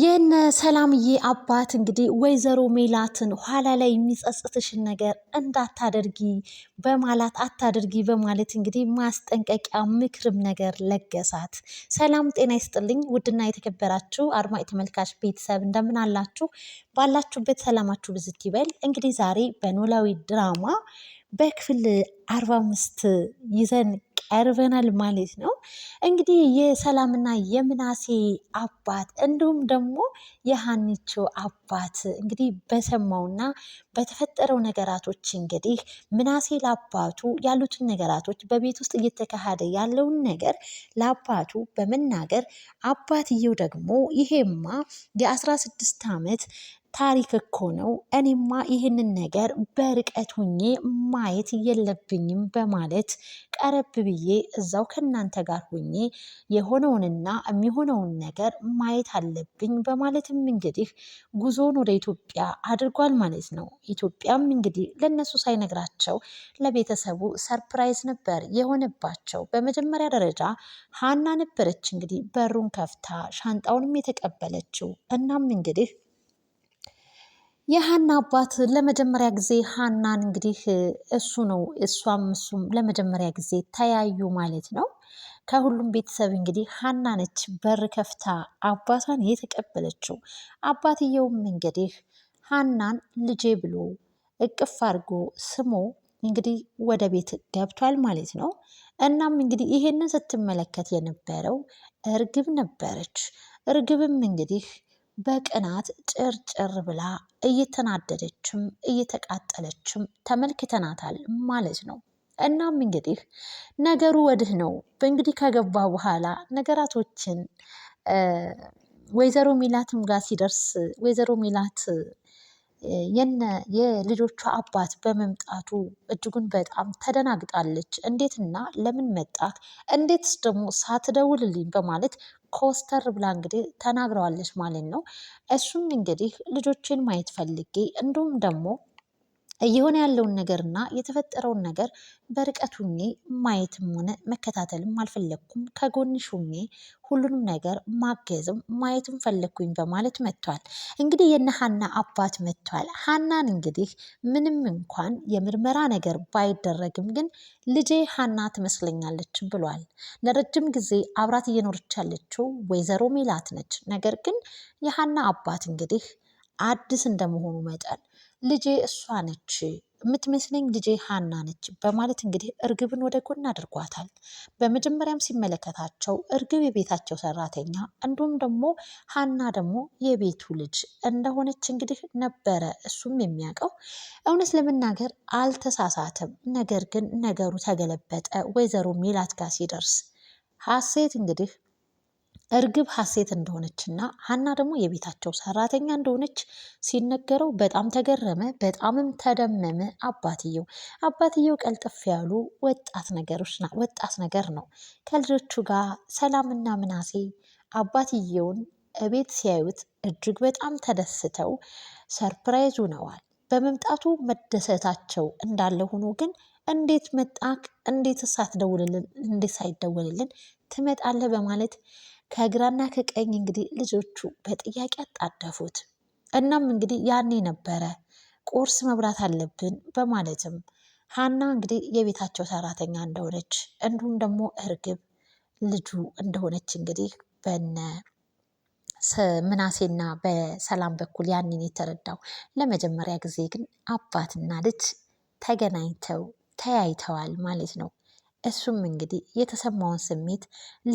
የነ ሰላምዬ አባት እንግዲህ ወይዘሮ ሜላትን ኋላ ላይ የሚጸጽትሽን ነገር እንዳታደርጊ በማለት አታደርጊ በማለት እንግዲህ ማስጠንቀቂያ ምክርም ነገር ለገሳት። ሰላም ጤና ይስጥልኝ ውድና የተከበራችሁ አድማጭ ተመልካች ቤተሰብ እንደምን አላችሁ? ባላችሁበት ሰላማችሁ ብዝት ይበል። እንግዲህ ዛሬ በኖላዊ ድራማ በክፍል አርባ አምስት ይዘን ቀርበናል ማለት ነው። እንግዲህ የሰላምና የምናሴ አባት እንዲሁም ደግሞ የሀኒቾ አባት እንግዲህ በሰማውና በተፈጠረው ነገራቶች እንግዲህ ምናሴ ለአባቱ ያሉትን ነገራቶች በቤት ውስጥ እየተካሄደ ያለውን ነገር ለአባቱ በመናገር አባትየው ደግሞ ይሄማ የአስራ ስድስት ዓመት ታሪክ እኮ ነው። እኔማ ይህንን ነገር በርቀት ሁኜ ማየት የለብኝም በማለት ቀረብ ብዬ እዛው ከእናንተ ጋር ሁኜ የሆነውንና የሚሆነውን ነገር ማየት አለብኝ በማለትም እንግዲህ ጉዞውን ወደ ኢትዮጵያ አድርጓል ማለት ነው። ኢትዮጵያም እንግዲህ ለእነሱ ሳይነግራቸው ለቤተሰቡ ሰርፕራይዝ ነበር የሆነባቸው። በመጀመሪያ ደረጃ ሀና ነበረች እንግዲህ በሩን ከፍታ ሻንጣውንም የተቀበለችው። እናም እንግዲህ የሀና አባት ለመጀመሪያ ጊዜ ሀናን እንግዲህ እሱ ነው እሷም እሱም ለመጀመሪያ ጊዜ ተያዩ ማለት ነው። ከሁሉም ቤተሰብ እንግዲህ ሀና ነች በር ከፍታ አባቷን የተቀበለችው። አባትየውም እንግዲህ ሀናን ልጄ ብሎ እቅፍ አድርጎ ስሞ እንግዲህ ወደ ቤት ገብቷል ማለት ነው። እናም እንግዲህ ይሄንን ስትመለከት የነበረው እርግብ ነበረች። እርግብም እንግዲህ በቅናት ጭርጭር ብላ እየተናደደችም እየተቃጠለችም ተመልክተናታል ማለት ነው። እናም እንግዲህ ነገሩ ወድህ ነው። በእንግዲህ ከገባ በኋላ ነገራቶችን ወይዘሮ ሚላትም ጋር ሲደርስ ወይዘሮ ሚላት የነ የልጆቹ አባት በመምጣቱ እጅጉን በጣም ተደናግጣለች። እንዴትና ለምን መጣት እንዴትስ ደግሞ ሳትደውልልኝ በማለት ኮስተር ብላ እንግዲህ ተናግረዋለች ማለት ነው። እሱም እንግዲህ ልጆችን ማየት ፈልጌ እንዲሁም ደግሞ እየሆነ ያለውን ነገርና የተፈጠረውን ነገር በርቀት ሁኜ ማየትም ሆነ መከታተልም አልፈለግኩም። ከጎንሽ ሁኜ ሁሉንም ነገር ማገዝም ማየትም ፈለግኩኝ በማለት መጥቷል። እንግዲህ የነ ሀና አባት መጥቷል። ሀናን እንግዲህ ምንም እንኳን የምርመራ ነገር ባይደረግም ግን ልጄ ሀና ትመስለኛለች ብሏል። ለረጅም ጊዜ አብራት እየኖረች ያለችው ወይዘሮ ሜላት ነች። ነገር ግን የሀና አባት እንግዲህ አዲስ እንደመሆኑ መጠን ልጄ እሷ ነች የምትመስለኝ ልጄ ሀና ነች በማለት እንግዲህ እርግብን ወደ ጎን አድርጓታል። በመጀመሪያም ሲመለከታቸው እርግብ የቤታቸው ሰራተኛ እንዲሁም ደግሞ ሀና ደግሞ የቤቱ ልጅ እንደሆነች እንግዲህ ነበረ እሱም የሚያውቀው። እውነት ለመናገር አልተሳሳትም። ነገር ግን ነገሩ ተገለበጠ። ወይዘሮ ሜላት ጋር ሲደርስ ሀሴት እንግዲህ እርግብ ሀሴት እንደሆነችና ሀና ደግሞ የቤታቸው ሰራተኛ እንደሆነች ሲነገረው በጣም ተገረመ፣ በጣምም ተደመመ። አባትየው አባትየው ቀልጥፍ ያሉ ወጣት ነገሮች ወጣት ነገር ነው። ከልጆቹ ጋር ሰላምና ምናሴ አባትየውን እቤት ሲያዩት እጅግ በጣም ተደስተው ሰርፕራይዝ ሆነዋል። በመምጣቱ መደሰታቸው እንዳለ ሆኖ ግን እንዴት መጣክ? እንዴት ሳትደውልልን? እንዴት ሳይደወልልን ትመጣለህ? በማለት ከግራና ከቀኝ እንግዲህ ልጆቹ በጥያቄ አጣደፉት። እናም እንግዲህ ያኔ ነበረ ቁርስ መብላት አለብን በማለትም ሀና እንግዲህ የቤታቸው ሰራተኛ እንደሆነች እንዲሁም ደግሞ እርግብ ልጁ እንደሆነች እንግዲህ በነ ምናሴና በሰላም በኩል ያንን የተረዳው ለመጀመሪያ ጊዜ ግን አባትና ልጅ ተገናኝተው ተያይተዋል ማለት ነው። እሱም እንግዲህ የተሰማውን ስሜት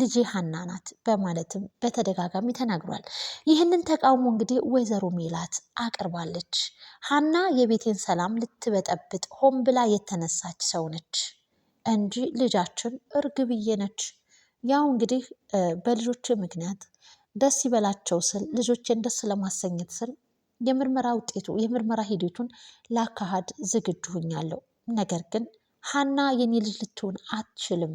ልጄ ሀና ናት በማለትም በተደጋጋሚ ተናግሯል። ይህንን ተቃውሞ እንግዲህ ወይዘሮ ሜላት አቅርባለች። ሀና የቤቴን ሰላም ልትበጠብጥ ሆን ብላ የተነሳች ሰው ነች እንጂ ልጃችን እርግብዬ ነች። ያው እንግዲህ በልጆች ምክንያት ደስ ይበላቸው ስል ልጆቼን ደስ ለማሰኘት ስል የምርመራ ውጤቱ የምርመራ ሂደቱን ላካሃድ ዝግጁ ሁኛለሁ ነገር ግን ሀና የኔ ልጅ ልትሆን አትችልም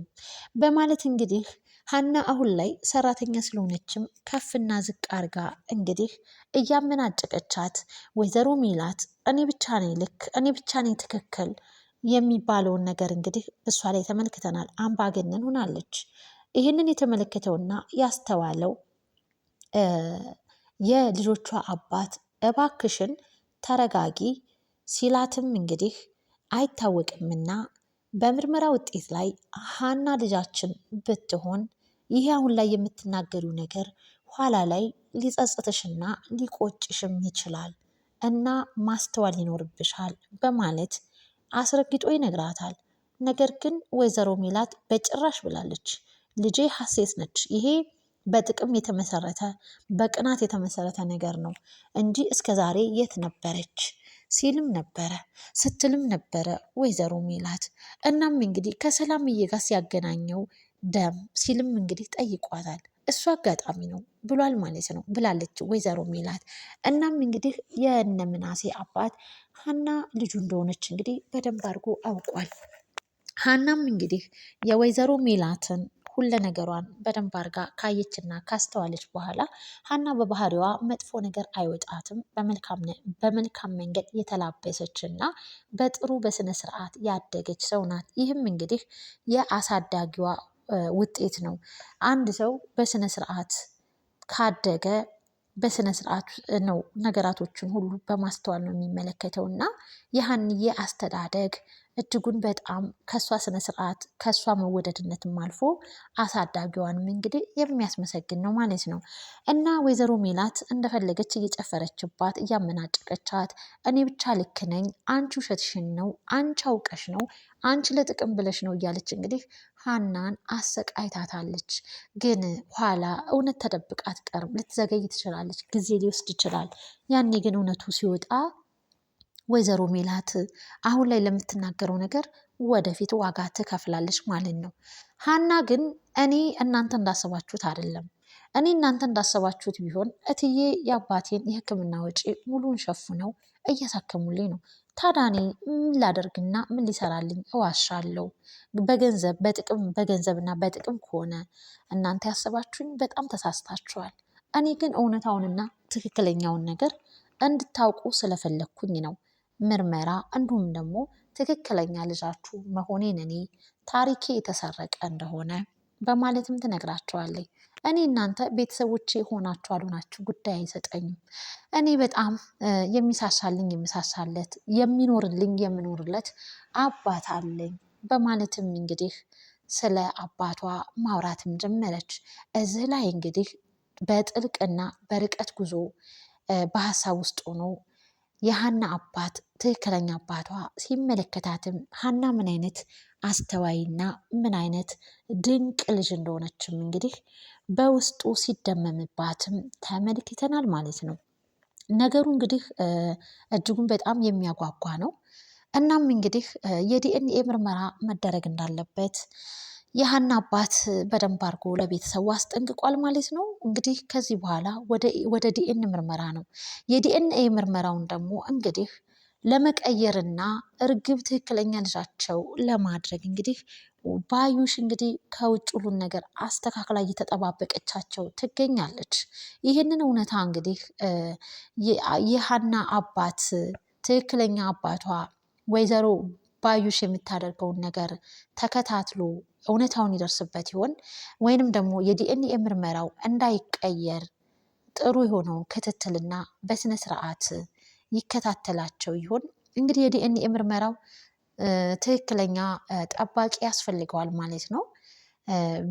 በማለት እንግዲህ ሀና አሁን ላይ ሰራተኛ ስለሆነችም ከፍና ዝቅ አርጋ እንግዲህ እያመናጨቀቻት ወይዘሮ ሚላት እኔ ብቻ ነኝ ልክ እኔ ብቻ ነኝ ትክክል የሚባለውን ነገር እንግዲህ እሷ ላይ ተመልክተናል። አምባገነን ሆናለች። ይህንን የተመለከተውና ያስተዋለው የልጆቿ አባት እባክሽን ተረጋጊ ሲላትም እንግዲህ አይታወቅምና በምርመራ ውጤት ላይ ሀና ልጃችን ብትሆን ይህ አሁን ላይ የምትናገሪው ነገር ኋላ ላይ ሊጸጽትሽና ሊቆጭሽም ይችላል እና ማስተዋል ይኖርብሻል በማለት አስረግጦ ይነግራታል። ነገር ግን ወይዘሮ ሚላት በጭራሽ ብላለች፣ ልጄ ሀሴት ነች። ይሄ በጥቅም የተመሰረተ በቅናት የተመሰረተ ነገር ነው እንጂ እስከዛሬ የት ነበረች? ሲልም ነበረ ስትልም ነበረ ወይዘሮ ሜላት። እናም እንግዲህ ከሰላምዬ ጋር ሲያገናኘው ደም ሲልም እንግዲህ ጠይቋታል። እሱ አጋጣሚ ነው ብሏል ማለት ነው ብላለች ወይዘሮ ሜላት። እናም እንግዲህ የእነ ምናሴ አባት ሀና ልጁ እንደሆነች እንግዲህ በደንብ አድርጎ አውቋል። ሀናም እንግዲህ የወይዘሮ ሜላትን ሁለ ነገሯን በደንብ አድርጋ ካየችና ካስተዋለች በኋላ ሀና በባህሪዋ መጥፎ ነገር አይወጣትም። በመልካም መንገድ የተላበሰች እና በጥሩ በስነ ስርዓት ያደገች ሰው ናት። ይህም እንግዲህ የአሳዳጊዋ ውጤት ነው። አንድ ሰው በስነ ስርዓት ካደገ በስነ ስርዓት ነው ነገራቶችን ሁሉ በማስተዋል ነው የሚመለከተው እና የሀንዬ አስተዳደግ እጅጉን በጣም ከእሷ ስነ ስርዓት ከእሷ መወደድነትም አልፎ አሳዳጊዋንም እንግዲህ የሚያስመሰግን ነው ማለት ነው። እና ወይዘሮ ሜላት እንደፈለገች እየጨፈረችባት እያመናጨቀቻት፣ እኔ ብቻ ልክ ነኝ፣ አንቺ ውሸትሽን ነው፣ አንቺ አውቀሽ ነው፣ አንቺ ለጥቅም ብለሽ ነው እያለች እንግዲህ ሀናን አሰቃይታታለች። ግን ኋላ እውነት ተደብቃ አትቀርም፣ ልትዘገይ ትችላለች፣ ጊዜ ሊወስድ ይችላል። ያኔ ግን እውነቱ ሲወጣ ወይዘሮ ሜላት አሁን ላይ ለምትናገረው ነገር ወደፊት ዋጋ ትከፍላለች ማለት ነው። ሀና ግን እኔ እናንተ እንዳሰባችሁት አይደለም። እኔ እናንተ እንዳሰባችሁት ቢሆን እትዬ የአባቴን የሕክምና ወጪ ሙሉን ሸፍነው እያሳከሙልኝ ነው። ታዲያ እኔ ምን ላደርግና ምን ሊሰራልኝ እዋሻለሁ? በገንዘብ በጥቅም በገንዘብና በጥቅም ከሆነ እናንተ ያሰባችሁኝ በጣም ተሳስታችኋል። እኔ ግን እውነታውንና ትክክለኛውን ነገር እንድታውቁ ስለፈለግኩኝ ነው ምርመራ እንዲሁም ደግሞ ትክክለኛ ልጃችሁ መሆኔን እኔ ታሪኬ የተሰረቀ እንደሆነ በማለትም ትነግራቸዋለች። እኔ እናንተ ቤተሰቦች ሆናችሁ አሉናችሁ ጉዳይ አይሰጠኝም። እኔ በጣም የሚሳሳልኝ የሚሳሳለት የሚኖርልኝ የምኖርለት አባት አለኝ በማለትም እንግዲህ ስለ አባቷ ማውራትም ጀመረች። እዚህ ላይ እንግዲህ በጥልቅና በርቀት ጉዞ በሀሳብ ውስጥ ሆኖ የሀና አባት ትክክለኛ አባቷ ሲመለከታትም ሀና ምን አይነት አስተዋይና ምን አይነት ድንቅ ልጅ እንደሆነችም እንግዲህ በውስጡ ሲደመምባትም ተመልክተናል ማለት ነው። ነገሩ እንግዲህ እጅጉን በጣም የሚያጓጓ ነው። እናም እንግዲህ የዲኤንኤ ምርመራ መደረግ እንዳለበት የሀና አባት በደንብ አድርጎ ለቤተሰቡ አስጠንቅቋል ማለት ነው። እንግዲህ ከዚህ በኋላ ወደ ዲኤን ምርመራ ነው። የዲኤንኤ ምርመራውን ደግሞ እንግዲህ ለመቀየርና እርግብ ትክክለኛ ልጃቸው ለማድረግ እንግዲህ ባዩሽ እንግዲህ ከውጭ ሁሉን ነገር አስተካክላ እየተጠባበቀቻቸው ትገኛለች። ይህንን እውነታ እንግዲህ የሀና አባት ትክክለኛ አባቷ ወይዘሮ ባዩሽ የምታደርገውን ነገር ተከታትሎ እውነታውን ይደርስበት ይሆን ወይንም ደግሞ የዲኤንኤ ምርመራው እንዳይቀየር ጥሩ የሆነውን ክትትልና በስነ ስርዓት ይከታተላቸው ይሆን? እንግዲህ የዲኤንኤ ምርመራው ትክክለኛ ጠባቂ ያስፈልገዋል ማለት ነው።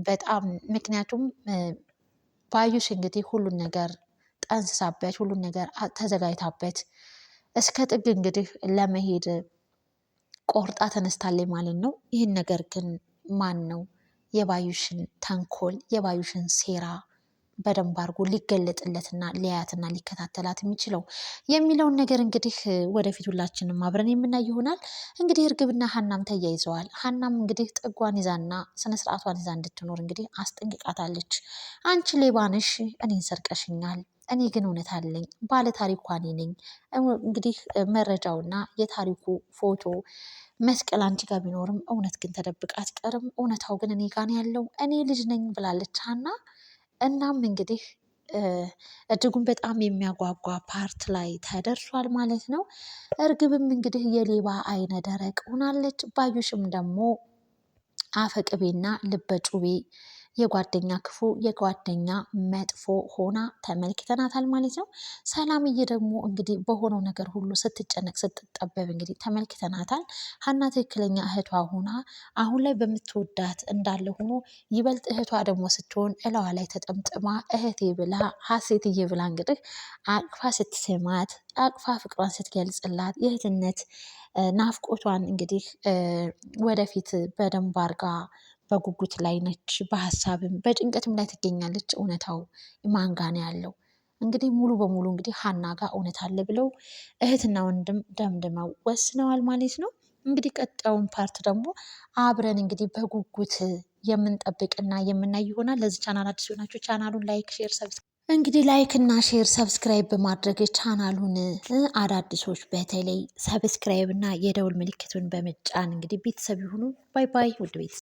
በጣም ምክንያቱም ባዩሽ እንግዲህ ሁሉን ነገር ጠንስሳበት፣ ሁሉን ነገር ተዘጋጅታበት እስከ ጥግ እንግዲህ ለመሄድ ቆርጣ ተነስታለች ማለት ነው። ይህን ነገር ግን ማን ነው የባዩሽን ተንኮል የባዩሽን ሴራ በደንብ አድርጎ ሊገለጥለትና ሊያያትና ሊከታተላት የሚችለው የሚለውን ነገር እንግዲህ ወደፊት ሁላችንም አብረን የምናይ ይሆናል። እንግዲህ እርግብና ሀናም ተያይዘዋል። ሀናም እንግዲህ ጥጓን ይዛና ስነስርዓቷን ይዛ እንድትኖር እንግዲህ አስጠንቅቃታለች። አንቺ ሌባ ነሽ፣ እኔን ሰርቀሽኛል እኔ ግን እውነት አለኝ ባለ ታሪኳ እኔ ነኝ። እንግዲህ መረጃውና የታሪኩ ፎቶ መስቀል አንቺ ጋር ቢኖርም እውነት ግን ተደብቃ አትቀርም። እውነታው ግን እኔ ጋር ያለው እኔ ልጅ ነኝ ብላለች ሀና። እናም እንግዲህ እጅጉን በጣም የሚያጓጓ ፓርት ላይ ተደርሷል ማለት ነው። እርግብም እንግዲህ የሌባ አይነ ደረቅ ሆናለች። ባዩሽም ደግሞ አፈቅቤና ልበጩቤ የጓደኛ ክፉ የጓደኛ መጥፎ ሆና ተመልክተናታል ማለት ነው። ሰላምዬ ደግሞ እንግዲህ በሆነው ነገር ሁሉ ስትጨነቅ ስትጠበብ እንግዲህ ተመልክተናታል። ሀና ትክክለኛ እህቷ ሆና አሁን ላይ በምትወዳት እንዳለ ሆኖ ይበልጥ እህቷ ደግሞ ስትሆን እላዋ ላይ ተጠምጥማ እህቴ ብላ ሀሴትዬ ብላ እንግዲህ አቅፋ ስትስማት አቅፋ ፍቅሯን ስትገልጽላት የእህትነት ናፍቆቷን እንግዲህ ወደፊት በደንብ አርጋ በጉጉት ላይ ነች። በሀሳብም በጭንቀትም ላይ ትገኛለች። እውነታው ማንጋ ነው ያለው? እንግዲህ ሙሉ በሙሉ እንግዲህ ሀና ጋር እውነት አለ ብለው እህትና ወንድም ደምድመው ወስነዋል ማለት ነው። እንግዲህ ቀጣዩን ፓርት ደግሞ አብረን እንግዲህ በጉጉት የምንጠብቅና የምናይ ይሆናል። ለዚህ ቻናል አዲስ የሆናችሁ ቻናሉን ላይክ፣ ሼር፣ ሰብስክራይብ እንግዲህ ላይክ እና ሼር ሰብስክራይብ በማድረግ ቻናሉን አዳዲሶች በተለይ ሰብስክራይብ እና የደውል ምልክቱን በመጫን እንግዲህ ቤተሰብ ይሁኑ። ባይ ባይ ውድ ቤተሰብ